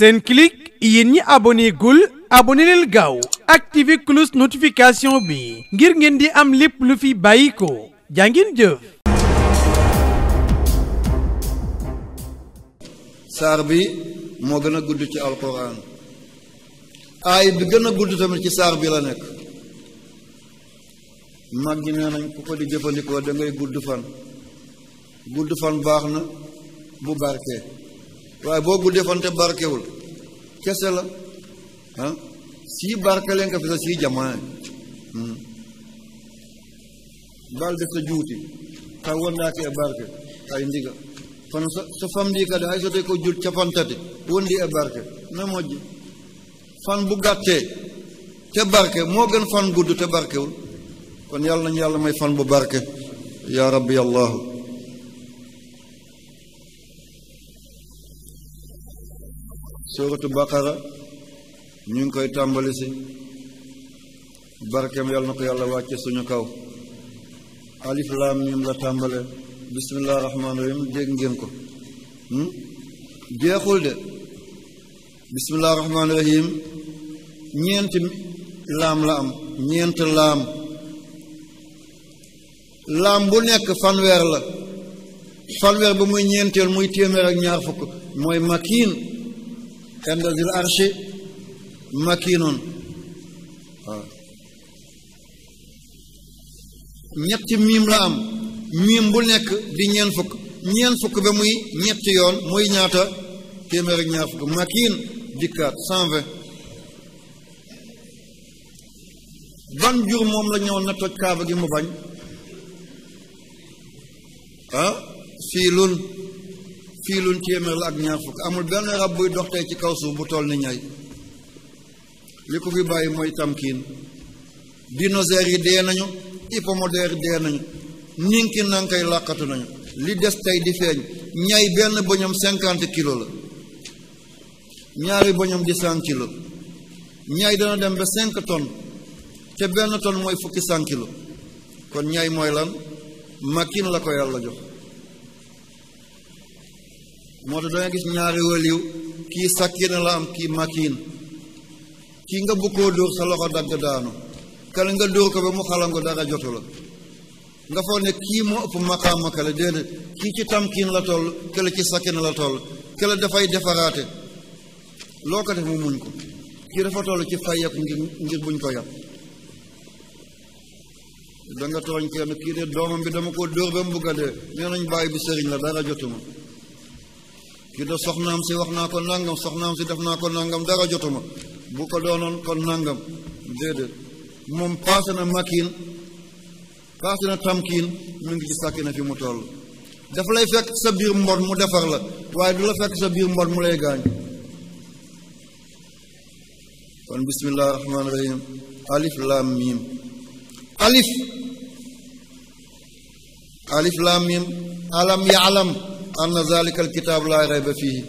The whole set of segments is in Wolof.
Senclic yéen ñi abonné gul abonné leen gaaw activé cloche notification bi ngir ngeen di am lépp lu fi bàyyikoo ko jàngin jëf. saar bi moo gën a gudd ci alquran aay bi gën gudd tamit ci saar bi la nekk mag ñi nee nañ ku ko di jëfandikoo da ngay gudd fan gudd fan baax na bu barke. waaye boo guddee fan te barkewul kese la ah si barkelee nga fi sa si jamaa hmm. balde so juuti taw wondaaki e barke hay ndiga kono so famdi kadi hay so tawi ko jul capantati wondi e barke no fan bu gàttee te barke moo gën fan gudd te barkewul kon yàlla nañu yàlla may fan bu barke yaa rabbi allahu suuratu baqara ñu ngi koy tàmbali si barkeem yàlla na ko yàlla wàcce suñu kaw alif laam mim la tàmbale bisimilah rahmaan rahim dégg ngeen ko hmm? jeexul de bisimilah rahmaan rahim ñeenti laam la am ñeent laam laam bu nekk fanweer la fanweer ba muy ñeenteel muy téeméer ak ñaar fukk mooy makiin inda zil arshi makinun waaw ñetti miim la am miim bu nekk di ñeen fukk ñeen fukk ba muy ñetti yoon muy ñaata téeméer ak ñaar fukk makin dikkaat cent vingt ban jur moom la ñëw na toj kaaba gi mu bañ ah fiilun fii luñ téeméer la ak ñaar fukk amul benn rab buy dox tey ci kaw suuf bu toll ni ñay li ko fi bàyyi mooy tamkiin dinosaures yi dee nañu hippomodère dee nañu ninki làqatu nañu li des tey di feeñ ñay benn bëñam cinquante kilo la ñaari bëñam di cent kilo ñay dana dem ba cinq tonnes te benn tonne mooy fukki cent kilo kon ñay mooy lan makin la ko yàlla jox moo tax danga gis ñaari wëliw kii sakkiina la am kii makiin kii nga bëgg koo dóor sa loxo dagg daanu kala nga dóor ko ba mu xalangu dara jotu la nga foog ne kii moo ëpp maqaama kale déedéet kii ci tamkiin la toll kële ci sakkiina la toll kële dafay defaraate loo ko def mu muñ ko kii dafa toll ci fayeku ngir ngir buñ ko yàpp danga tooñ kenn kii de doomam bi dama ko dóor ba mu bugg a dee nee nañ bàyyi bi sëriñ la dara jotuma juddoo soxnaam si wax naa ko nangam soxnaam si def naa ko nangam dara jotuma bu ko doonoon kon nangam déedéet moom paase na makiin paase na tamkiin mu ngi ci sàkki fi mu toll dafa lay fekk sa biir mbon mu defar la waaye du la fekk sa biir mbon mu lay gaañ kon bismillahi rahmaani rahim alif alif alif laam miim alam anna zalika alkitaab laa rayba fihi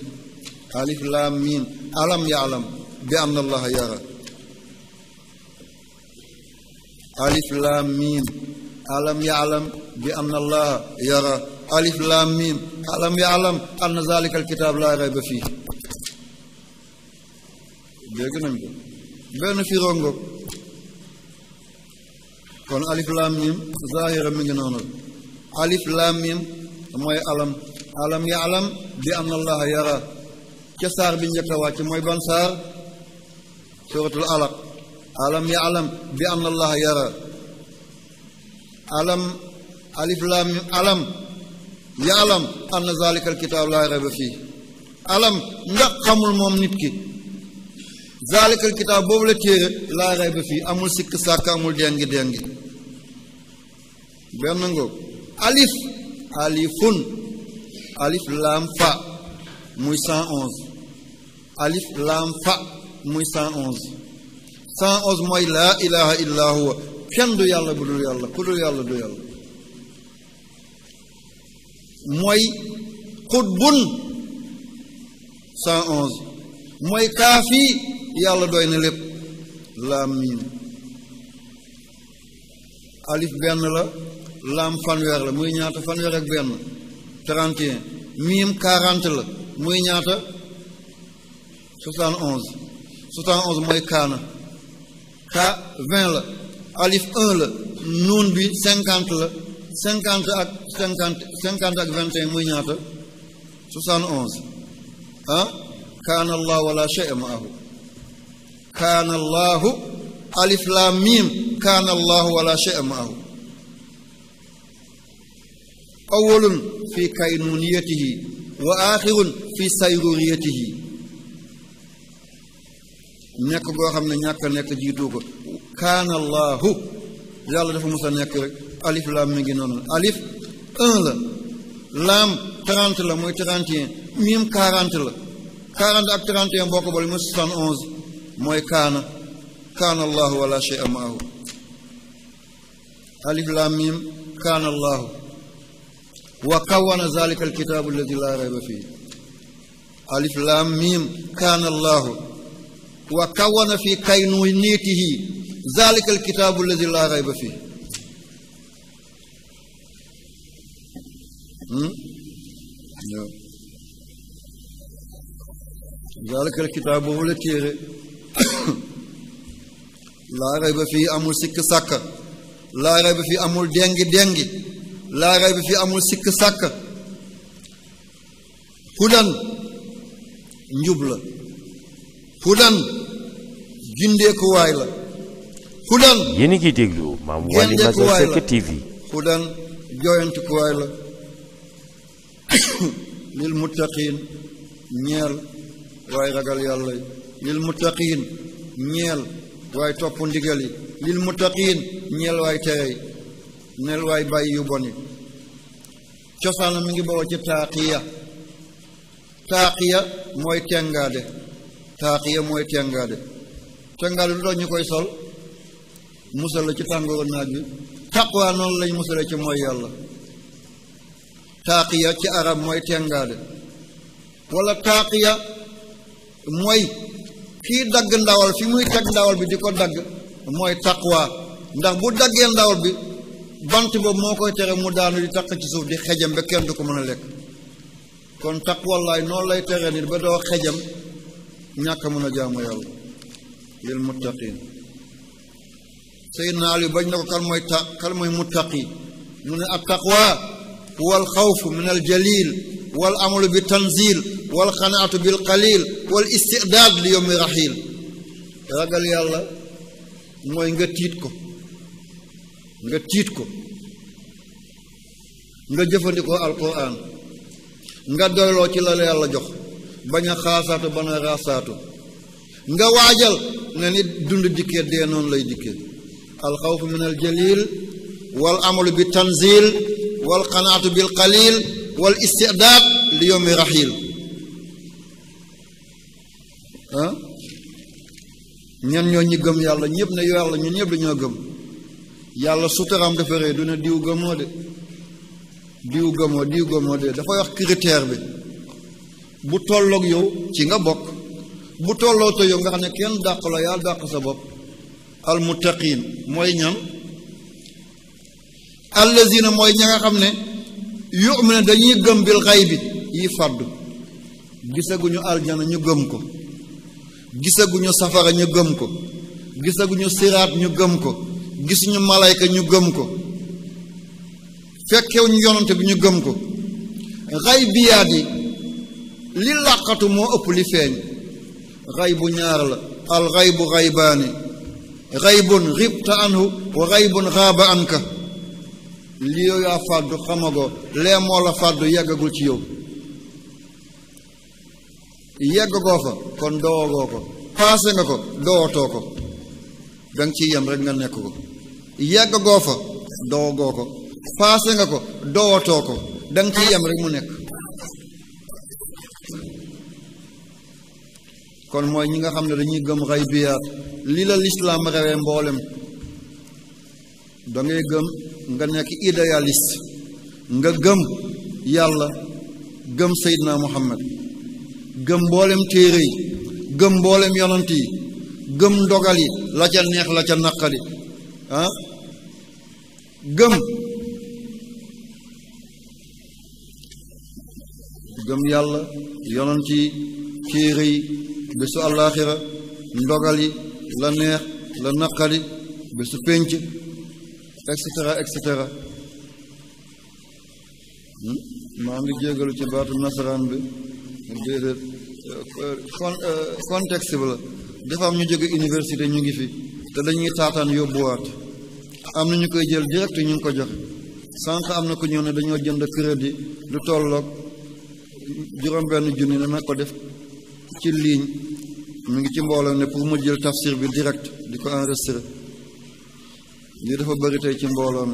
alif laam miim alam yaalam bi anna allaha yara alif laam alam yaalam bi anna allaha yara alam yaalam anna zalika alkitaab laa rayba fihi dégg nañ ko benn fi rongo kon alif laam miim zahira mi ngi noonu alif laam mooy alam alam yaalam bi anna allaha yara ca saar bi njëkk a wàcc mooy ban saar suratul alaq alam yaalam bi anna allaha yara alam alif laam alam yaalam anna zalika alkitaab laa rayba fii alam ndax xamul moom nit ki zalika alkitaab boobu la téere laa rayba fii amul sikk sàkk amul dengi dengi benn ngoog alif alifun alif laam fa muy 111 alif laam fa muy 111 111 mooy laa ilaha illa huwa kenn du yàlla bu dul yàlla ku dul yàlla du yàlla mooy xutbun 111 mooy kaafi yàlla doy na lépp laam miin alif benn la laam fanweer la muy ñaata fanweer ak benn miim 40 la muy ñaata 71 71 mooy kaana ka 20 la alif 1 la nuun bi 50 la 50 ak 50 50 ak 21 muy ñaata 71 ah kaana allah wala shay'a ma'ahu kaana allahu alif la miim kaana allahu wala shay'a ma'ahu awwalun fi kaynuniyatihi wa aaxirun fi sayruriyatihi nekk goo xam ne ñàkk nekk jiitu ko kaana allahu yàlla dafa mos a nekk rek alif laam mi ngi noonu alif un la laam trente la mooy trente et miim quarante la quarante ak trente et un boo ko bale mooy onze mooy kaana kaana allahu wala shay'a maahu alif laam miim kaana allahu wa kawana zalika alkitaabu alladi laa rayba fii alif laam miim kaana allahu wa kawana fi kaynuniitihi zalika alkitaabu alladi laa rayba fii zalika alkitaab boobu fii amul sikk sàkka laa rayba fii amul dengi dengi laa rey bi fii amul sikk sàkk hudan njub la hudan gindeekuwaay la hudan yéen a ngi Maam Wali Maza Seck la lil muttaqiin ñeel waaye topp ndigal yi lil muttaqiin ñeel waaye tere yi nel waay bàyyi yu bon yi cosaanam mi ngi bawoo ci taaqiya taaqiya mooy tengaade taaqiya mooy tengaade tengaade lu tax ñu koy sol musal la ci tàngooru naaj bi taqwa noonu lañ musale ci mooy yàlla taaqiya ci arab mooy tengaade wala taaqiya mooy kii dagg ndawal fi muy teg ndawal bi di ko dagg mooy taqwa ndax bu daggee ndawal bi bant boobu moo koy tere mu daanu di taq ci suuf di xejam ba kenn du ko mën a lekk kon taq wallaay noonu lay tere nit ba doo xejam ñàkk mën a jaamu yàlla lil muttaqin Seydina Ali bañ na ko kan mooy ta kan mooy muttaqi mu ne at taqwa huwa al xawfu min al jalil wal amalu bi tanzil wal xanaatu bil qalil wal istidaad li yowmi raxil ragal yàlla mooy nga tiit ko nga tiit ko nga jëfandikoo alquran nga doyloo ci la yàlla jox bañ a xaasaatu bañ a raasaatu nga waajal ne ni dund dikkee dee noonu lay dikkee alxawfu min al jalil wal amalu bi tanzil wal qanaatu bil qalil wal istidaad li yowmi raxil ah ñan ñoo ñi gëm yàlla ñëpp ne yàlla ñun ñëpp dañoo gëm yàlla suturaam dafa rëy du ne diw gëmoo de diw gëmoo diw gëmoo de dafay wax critère bi bu tolloog yow ci nga bokk bu tolloo te yow nga xam ne kenn dàq la yaa dàq sa bopp almuttaqin mooy ñam ñan allazina mooy ña nga xam ne am ne dañuy gëm bil xay bi yi fàddu gisaguñu aljana ñu gëm ko gisaguñu safara ñu gëm ko gisaguñu siraat ñu gëm ko gis ñu malayka ñu gëm ko fekkewuñu yonante bi ñu gëm ko xay biyaat yi li làqatu moo ëpp li feeñ xay bu ñaar la al xay bu xaybaani xay bun xibta anhu wa xay bun xaaba anka li yow yaa fàddu xamagoo lee moo fàddu yeggagul ci yow yeggagoo fa kon dowagoo ko paase nga ko dowatoo ko danga ciy yem rek nga nekk ko yàgg goo fa doogoo ko paase nga ko dowatoo ko da nga ciy yem rek mu nekk kon mooy ñi nga xam ne dañuy gëm xay biyaat li la lislaam rewee mboolem da ngay gëm nga nekk idéaliste nga gëm yàlla gëm Seydina Muhammad gëm mboolem téere yi gëm mboolem yonant yi gëm ndogal yi la ca neex la ca naqari ah? gëm gëm yàlla yonent ci téere yi bésu àllaaxira ndogal yi la neex la naqari bésu pénc et cetera hmm? maa ngi jégalu ci baatu nasaraan bi déedéet con euh, contexte bi la dafa am ñu jóge université ñu ngi fi te dañuy taataan yóbbuwaat am na ñu koy jël direct ñu ngi ko joxe sànq am na ko ñëw ne dañoo jënd crédit lu tolloog juróom-benn junni dana ko def ci ligne mu ngi ci mbooloo ne pour mu jël tafsir bi direct di ko enregistré lii dafa bëri ci mbooloom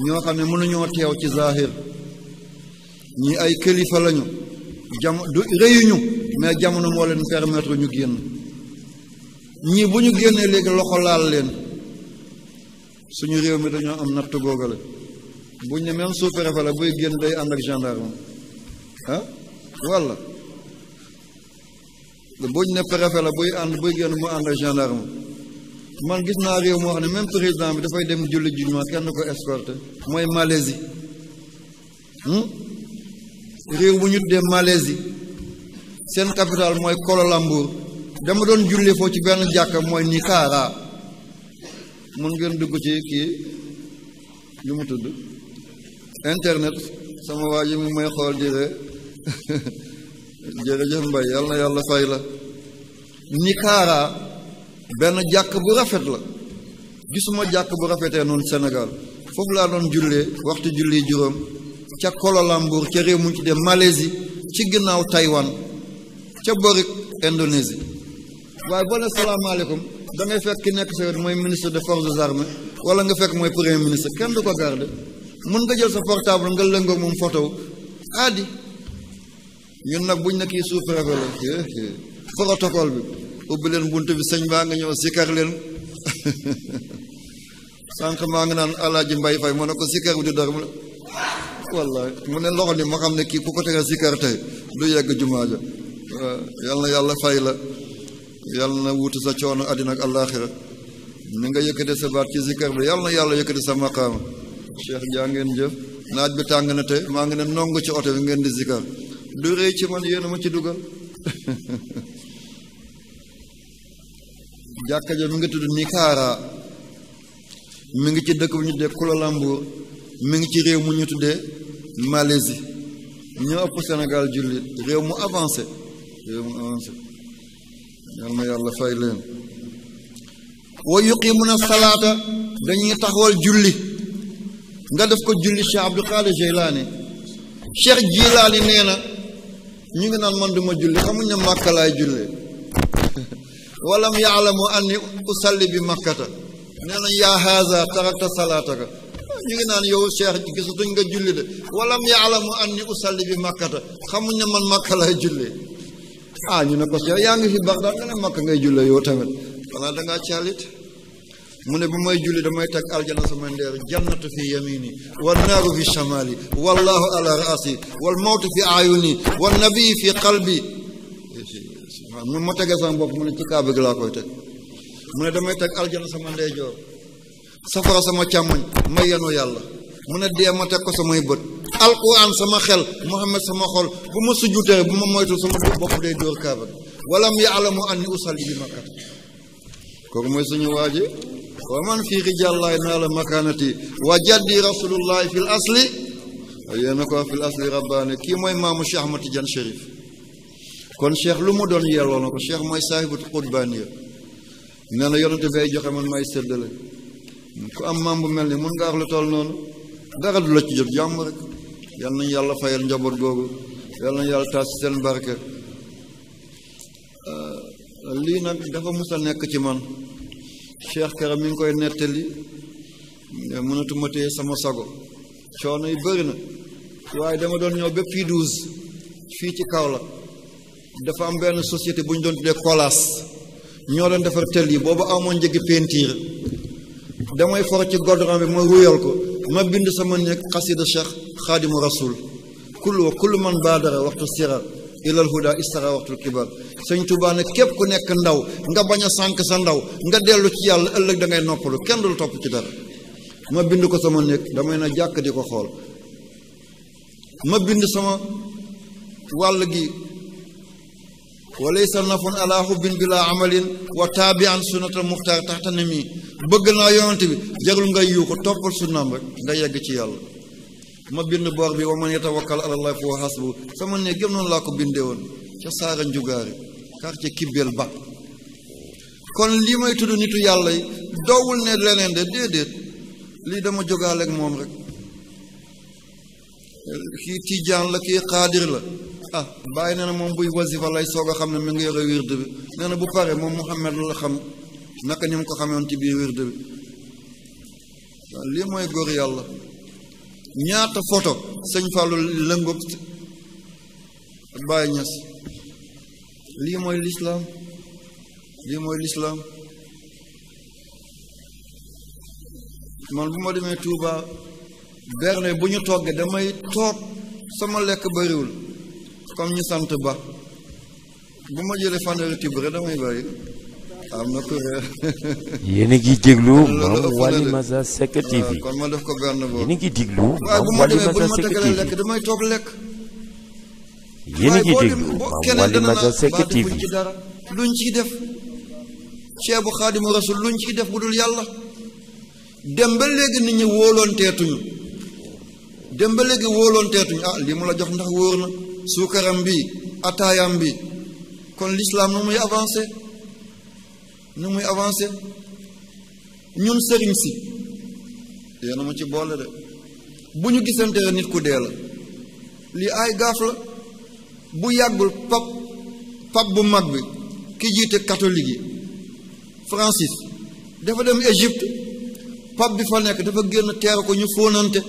mi ñoo xam ne mënuñoo teew ci zahir ñii ay këlifa lañu jam du réyuñu mais jamono moo leen permettre ñu génn ñii bu ñu génnee léegi loxo laal leen suñu réew mi dañoo am natt googale buñ ne même sous-préfet la buy génn day ànd ak gendarme ah walla buñ ne préfet la buy ànd buy génn mu ànd ak gendarme man gis naa réew moo xam ne même président bi dafay dem julli juma kenn ko escorté mooy Malaisie hmm? réew bu ñu tuddee Malaisie seen capitale mooy Kuala Lumpur dama doon julli foofu ci benn jàkka mooy Nicara mën ngeen dugg ci kii lu mu tudd internet sama waa ji mu may xool jëre jërëjëf mbay yal na yàlla fay la Nicara benn jàkk bu rafet la gisuma jàkk bu rafetee noonu senegal foofu laa doon jullee waxtu julli juróom ca Kuala-Lumpur ca réew mu ci dem Malaisie ci ginnaaw Taïwan ca borik Indonésie waaye boo ne salaamaaleykum da ngay fekk ki nekk sa wet mooy ministre des forces armées wala nga fekk mooy premier ministre kenn du ko garde mën nga jël sa portable nga lëngoog moom photo aadi ñun nag buñ na kii sous préfet la protocole bi ubbi leen bunt bi sëñ baa nga ñëw sikkar leen sànq maa ngi naan alaaji mbay fay mu ne ko sikkar bi di dara mu ne wallaay mu ne loxo ni ma xam ne kii ku ko tegal sikkar tey du yegg jumaa ja yàlla fay la yàlla na wuuti sa coono àddina ak àllaaxira ni nga yëkkate sa baat ci zikkar bi yàlla na yàlla yëkkate sa makam cheikh jaa ngeen jëf naaj bi tàng na tey maa ngi ne nongu ci oto bi ngeen di zikkar du rëy ci man yéen a ci dugal jàkka ja mi ngi tudd Nikara mi ngi ci dëkk bu ñu tuddee Kuala Lumpur mi ngi ci réew mu ñu tuddee Malaisie ñoo ëpp Sénégal jullit réew mu avancé réew mu avancé yal na yàlla fay leen wa yuqimuna salaata dañuy taxawal julli nga def ko julli Cheikh Abdou Khadir Jeylaani Cheikh Jilaani nee na ñu ngi naan man duma julli xamuñ ne màkka laay na yaa haza tarakta salaataka ñu ngi naan yow cheikh gisatuñ nga julli de walam yaalamu anni bi makkata xamuñ ne man màkka laay ah ñu ne ko yow yaa ngi fi baax nga ne makk ngay julle yow tamit wala da ngaa mu ne bu may julli damay teg aljana sama ndeer jannatu fi yamini wal naaru fi shamali wallahu ala raasi wal mawtu fi ayuni teg mu ne damay sama ndeyjoor safara sama càmmoñ may yenu yàlla mu ne dee ma teg ko samay bët alquran sama xel muhammad sama xol bu ma sujjutee bu ma moytu sama bopp day dóor kaaba gi walam yaalamu anni usalli bi makkata kooku mooy suñu waaji wa man fii rijallahi naa la makaanati wa jaddi rasulullahi fi asli yéen a ko fi asli rabbaani kii mooy maamu Cheikh Ahmad Tidiane Chérif kon cheikh lu mu doon yelloo na ko cheikh mooy saahibatu xutbaaniya nee na yonente bi ay joxe man may séddale ku am maam bu mel ni mun nga wax lu toll yal nañu yàlla fayal njaboot googu yal nañu yàlla taas seen barke euh, lii nag dafa mus a nekk ci man Cheikh Karam mi ngi koy nettali mënatuma téye sama sago coono yi bëri na waaye dama doon ñëw bépp fii douze fii ci Kaolack dafa am benn société bu ñu doon tuddee Colas ñoo doon defar tel yi boobu amoon njëgi peinture damay for ci godoron bi ma ruyal ko ma bind sama nekk xasida Cheikh xaadimu rasul kullu wa kullu man baadara waxtu sira ilal huda istara waxtul kibar sëñ Tuubaa képp ku nekk ndaw nga bañ a sànq sa ndaw nga dellu ci yàlla ëllëg dangay noppalu kenn dul topp ci dara ma bind ko sama néeg damay na jàkk di ko xool ma bind sama wàll gi walaysa nafun ala hubbin bila amalin wa taabian sunnatal muxtaar taxtane mii bëgg naa yonante bi jaglu nga yiw ko toppal sunnaam rek nga yegg ci yàlla ma bind boor bi wa man yatawakkal ala allah fa wa hasbu sama ne gëm laa ko bindee woon ca saara njugaari quartier kibbeel ba kon lii may tudd nitu yàlla yi dowul ne leneen de déedéet lii dama jógaale moom rek kii tijaan la kii xaadir la ah bàyyi nee na moom buy wasifa lay soog a xam ne mi ngi yore wird bi nee bu pare moom Muhammad la xam naka ni mu ko xamewoon ci biir wird bi waaw lii mooy góor yàlla ñaata foto sëñ Fallou lëngoog Baye Niass lii mooy lislaam lii mooy lislaam man bu ma demee Touba berne bu ñu toggee damay toog sama lekk bariwul comme ñu sant ba bu ma jëlee fanweeri tibb rek damay bàyyi am a ngi déglu Mame Waly ah, kon ma def ko benn boobu yéen a ngi déglu Mame Waly Maza TV. yéen a ngi déglu Mame Waly Maza Seck TV. luñ ciy def ceebu xaadimu rasul luñ ciy def bu dul yàlla dem ba léegi nit ñi wóolonteetuñu dem ba léegi wóolonteetuñu ah lii mu la jox ndax wóor na suukaram bi ataayam bi kon lislaam nu muy avancé nu muy avancé ñun sëriñ si yéena ma ci boole de bu ñu gisantee nit ku dee la lii ay gaaf la bu yàggul pap pap bu mag bi ki jiite katolik yi Francis dafa dem Égypte pap bi fa nekk dafa génn teeru ko ñu fóonante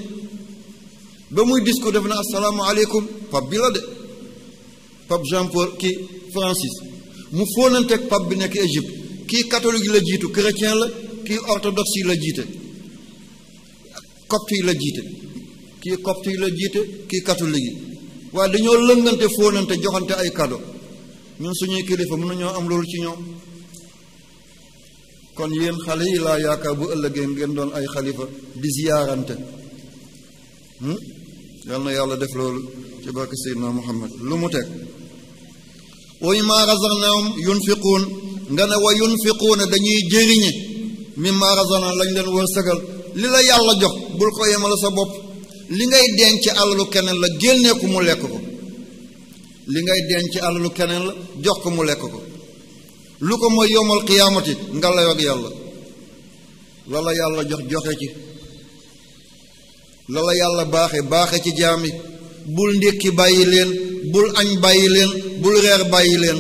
ba muy discours def na asalaamaaleykum pap bi la de pap Jean Paul ki Francis mu fóonanteeg pap bi nekk Égypte kii catholique la jiitu chrétien la kii orthodoxe yi la jiite copte yi la jiite kii copte yi la jiite kii catholique yi waaye dañoo lëngante fóonante joxante ay cadeau ñun suñuy kilifa mën nañoo am loolu ci ñoom kon yéen xale yi laa yaakaar bu ëllëgee ngeen doon ay xalifa di ziyaarante hmm? yal yàlla def loolu ci barke Seydina Muhammad lu mu teg wa mimmaa razaqnaahum yunfiquun nga ne wa yunfiquuna dañuy jëriñe mimma razana lañ leen wërsëgal li la yàlla jox bul ko yemale sa bopp li ngay denc alalu keneen la génnee mu lekk ko li ngay denc alalu keneen la jox ko mu lekk ko lu ko mooy yowmal qiyaamati nga lay ak yàlla la la yàlla jox joxe ci la la yàlla baaxe baaxe ci jaam yi bul ndékki bàyyi leen bul añ bàyyi leen bul reer bàyyi leen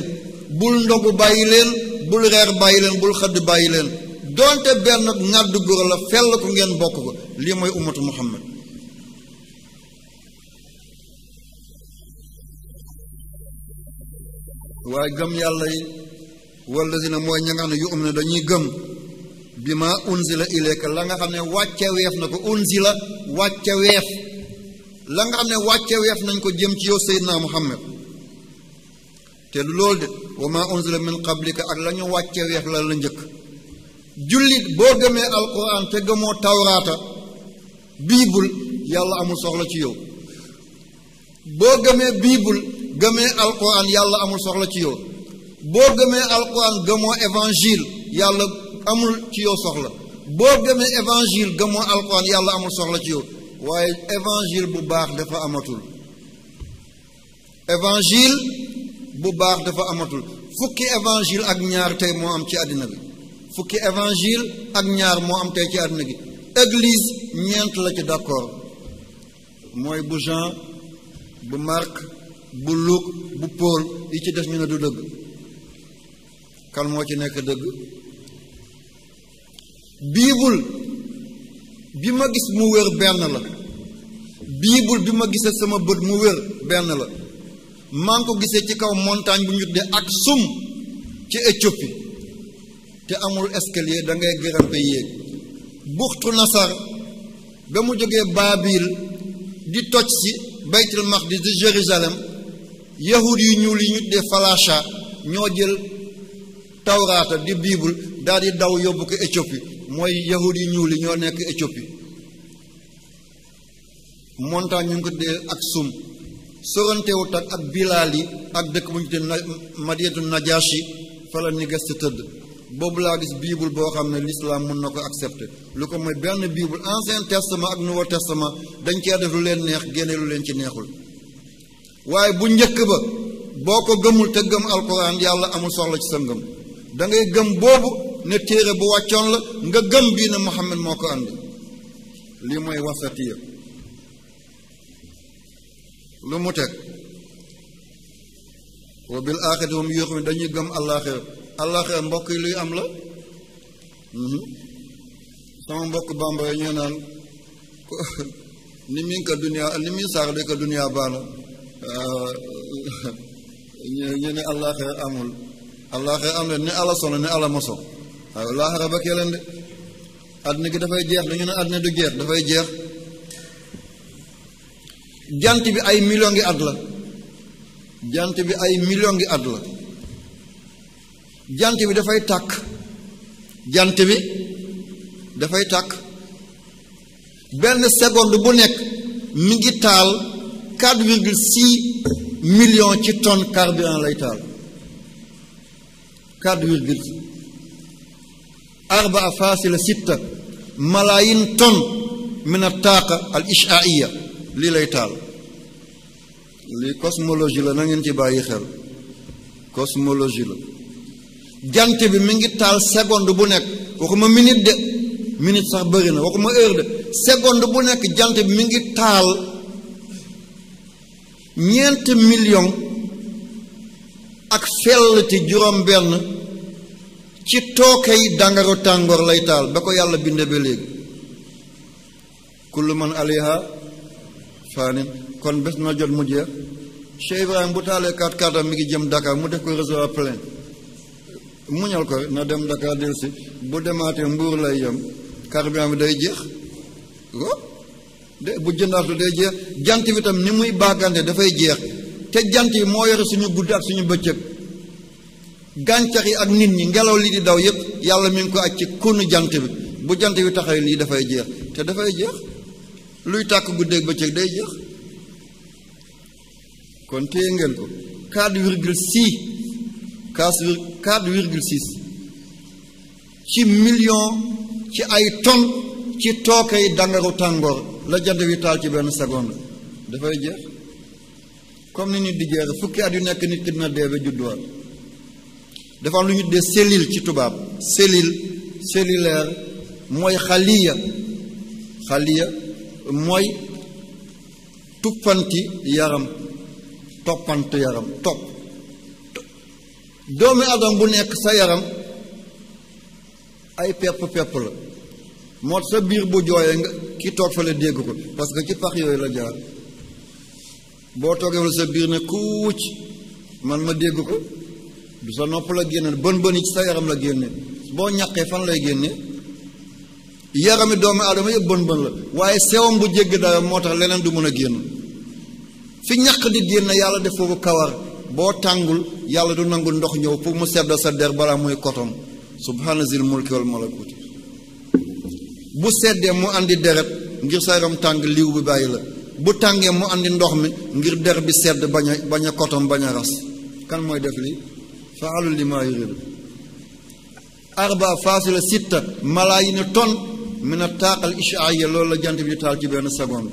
bul ndogu bàyyi leen bul reer bàyyi leen bul xëdd bàyyi leen donte benn ŋàddu gura la fell ko ngeen bokk ko lii mooy ummatu muhammad waaye gëm yàlla yi wallazina mooy ña nga xam yu um ne dañuy gëm bi ma unzila ilayka la nga xam ne wàcce weef na ko unzila wàcce weef la nga xam ne wàcce weef nañ ko jëm ci yow seydina muhammad te lu loolu de wa ma unzila min qablika ak la ñu wàcce weef la la njëkk jullit boo gëmee alquran te gëmoo tawraata biibul yàlla amul soxla ci yow boo gëmee biibul gëmee alquran yàlla amul soxla ci yow boo gëmee alquran évangile yàlla amul ci yow soxla boo gëmee évangile gëmoo alquran yàlla amul soxla ci yow waaye évangile bu baax dafa amatul évangile bu baax dafa amatul fukki évangile ak ñaar tey moo am ci àddina bi fukki évangile ak ñaar moo am tey ci àddina bi église ñeent la ci d'accord mooy bu Jean bu Marc bu Luc bu Paul yi ci def ñu ne du dëgg kan moo ci nekk dëgg biibul bi ma gis mu wér benn la biibul bi ma gisee sama bët mu wér benn la maa ngi ko gisee ci kaw montagne bu ñu tuddee ak sum ci Éthiopie te amul escalier da ngay grimper yéeg buxtu nasar ba mu jógee baabil di toj si baytul maqdis di Jérusalem yahud yu ñuul yi ñu tuddee falasha ñoo jël tawraata di bible daal daw yóbbu ko Éthiopie mooy yahud yu ñuul yi ñoo nekk Éthiopie montagne ñu ngi ko tuddee ak sum sorantewut ak ak bilaal yi ak dëkk bu ñu te madiyatu najashi fa la ni gëstu tëdd boobu laa gis bible boo xam ne l'islam mën na ko accepter lu ko mooy benn bible ancien testament ak nouveau testament dañ cee def lu leen neex génne lu leen ci neexul waaye bu njëkk ba boo ko gëmul te gëm alquran yàlla amul soxla ci sa ngëm da ngay gëm boobu ne téere bu wàccoon la nga gëm bii ne Muhammad moo ko ànd lii mooy wasatiya lu mu teg wa bil axirati hum yuuxu dañuy gëm àllaaxira àllaaxira mbokk yi luy am la mhm. sama mbokk bambara ñoo naan ni min ka duniyaa ni min saar de ka duniyaa baana ñu ne àllaaxira amul àllaaxira am la ne ala sono ne ala moso waaw laaxara ba kee leen de àddina gi dafay jeex dañu ne àddina du jeex dafay jeex jant bi ay million ngi at la jant bi ay million ngi at la jant bi dafay tàkk jant bi dafay tàkk benn seconde bu nekk mi ngi taal 4,6 million ci tonne carburant lay taal 4 virgule arbaa malaayin tonne min a taaqa al ishaiya lii lay taal li cosmologie la nangeen ci bàyyi xel cosmologie la jant bi mi ngi taal seconde bu nekk waxuma minute de minute sax bëri na waxuma heure de seconde bu nekk jant bi mi ngi taal ñeent million ak fell ti juróom-benn ci tookay dangaru tàngoor lay taal ba ko yàlla binde ba léegi kullu man aliha faanin kon bés na jot mu jeex Cheikh Ibrahima bu taalee 4x4 mi ngi jëm Dakar mu def ko réseau à muñal ko na dem Dakar dellusi bu demaatee mbuur lay yem carburant bi day jeex ko de bu jëndaatu day jeex jant bi tam ni muy baagante dafay jeex te jant yi moo yore suñu guddi ak suñu bëccëg gàncax yi ak nit ñi ngelaw lii di daw yëpp yàlla mi ngi ko aj ci kunu jant bi bu jant bi taxawee lii dafay jeex te dafay jeex luy tàkk guddeeg bëccëg day jeex kon téye ngeen ko 4 virgule 6 4 ci million ci ay tonnes ci tookay dangaru tàngoor la jant wi taal ci benn seconde dafay jeex comme ni nit di jeex fukki at yu nekk nit ki dina dee ba judduwaat dafa am lu ñu tuddee cellule ci tubaab cellule cellulaire mooy xaliya xaliya mooy tuppanti yaram toppante yaram topp doomi adam bu nekk sa yaram ay pepp-pepp la moo sa biir bu jooyee nga ki toog fa la dégg ko parce que ci pax yooyu la jaar boo toogee fa sa biir ne kuuc man ma dégg ko du sa nopp la génn bën bëni ci sa yaram la génne boo ñaqee fan lay génne yarami doomi aadama yëpp bën bën la waaye sewam bu jégg dayo moo tax leneen du mën a génn fi ñaq di génn yàlla def foofu kawar boo tàngul yàlla du nangul ndox ñëw pour mu seddal sa der balaa muy kotom subhaana zil mulki wal malakuti bu seddee mu indi deret ngir sa yaram tàng liiw bi bàyyi la bu tàngee mu indi ndox mi ngir der bi sedd bañ a bañ a kotom bañ a ras kan mooy def li faalu li maa yuridu arba faasila sitta malaa yi ne ton mina taaqal ishaa'iya loolu la jant bi di taal ci benn seconde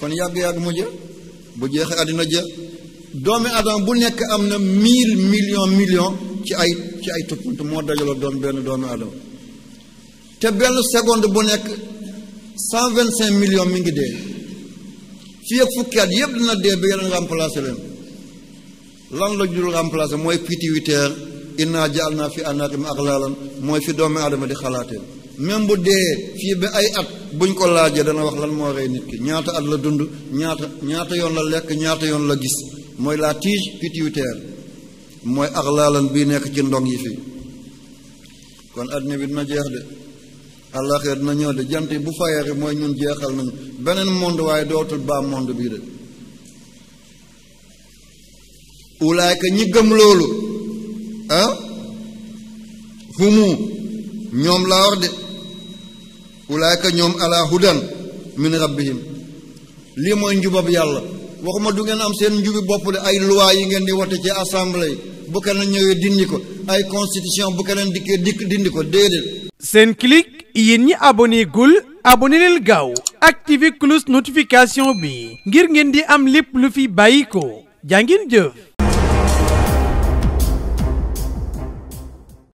kon yàgg-yàgg mu jë bu jeexee àddina jë doomi aadama bu nekk am na mille million million ci ay ci ay tuppant moo dajaloo doon benn doomi aadama te benn seconde bu nekk cent vingt cinq million mi ngi dee fii ak fukki at yëpp dina dee ba yeneen remplacé leen lan la jul remplacé mooy pituitaire inna jaal naa fi ak axlaalan mooy fi doomi aadama di xalaatee même bu dee fii ba ay at buñ ko laajee dana wax lan moo rey nit ki ñaata at la dund ñaata ñaata yoon la lekk ñaata yoon la gis mooy la tige pituitaire mooy axlaalan bii nekk ci ndong yi fii kon adduna bi dina jeex de àllaaxira dina ñëw de jant bu fayeeri mooy ñun jeexal nañu beneen monde waaye dootul baa monde bii de ulaayka ñi gëm loolu ah, humu ñoom laa wax de ulaayka ñoom ala hudan min rabbihim lii mooy njubab yàlla waxuma du ngeen am seen njubi bopp de ay loi yi ngeen di wote ci assemblée bu keneen ñëwee dindi ko ay constitution bu keneen dikkee dikk dindi ko déedéet. seen clic yéen ñi abonné gul gaaw leen gaaw activé cloche notification bi ngir ngeen di am lépp lu fi bàyyi ko jaa ngeen jëf.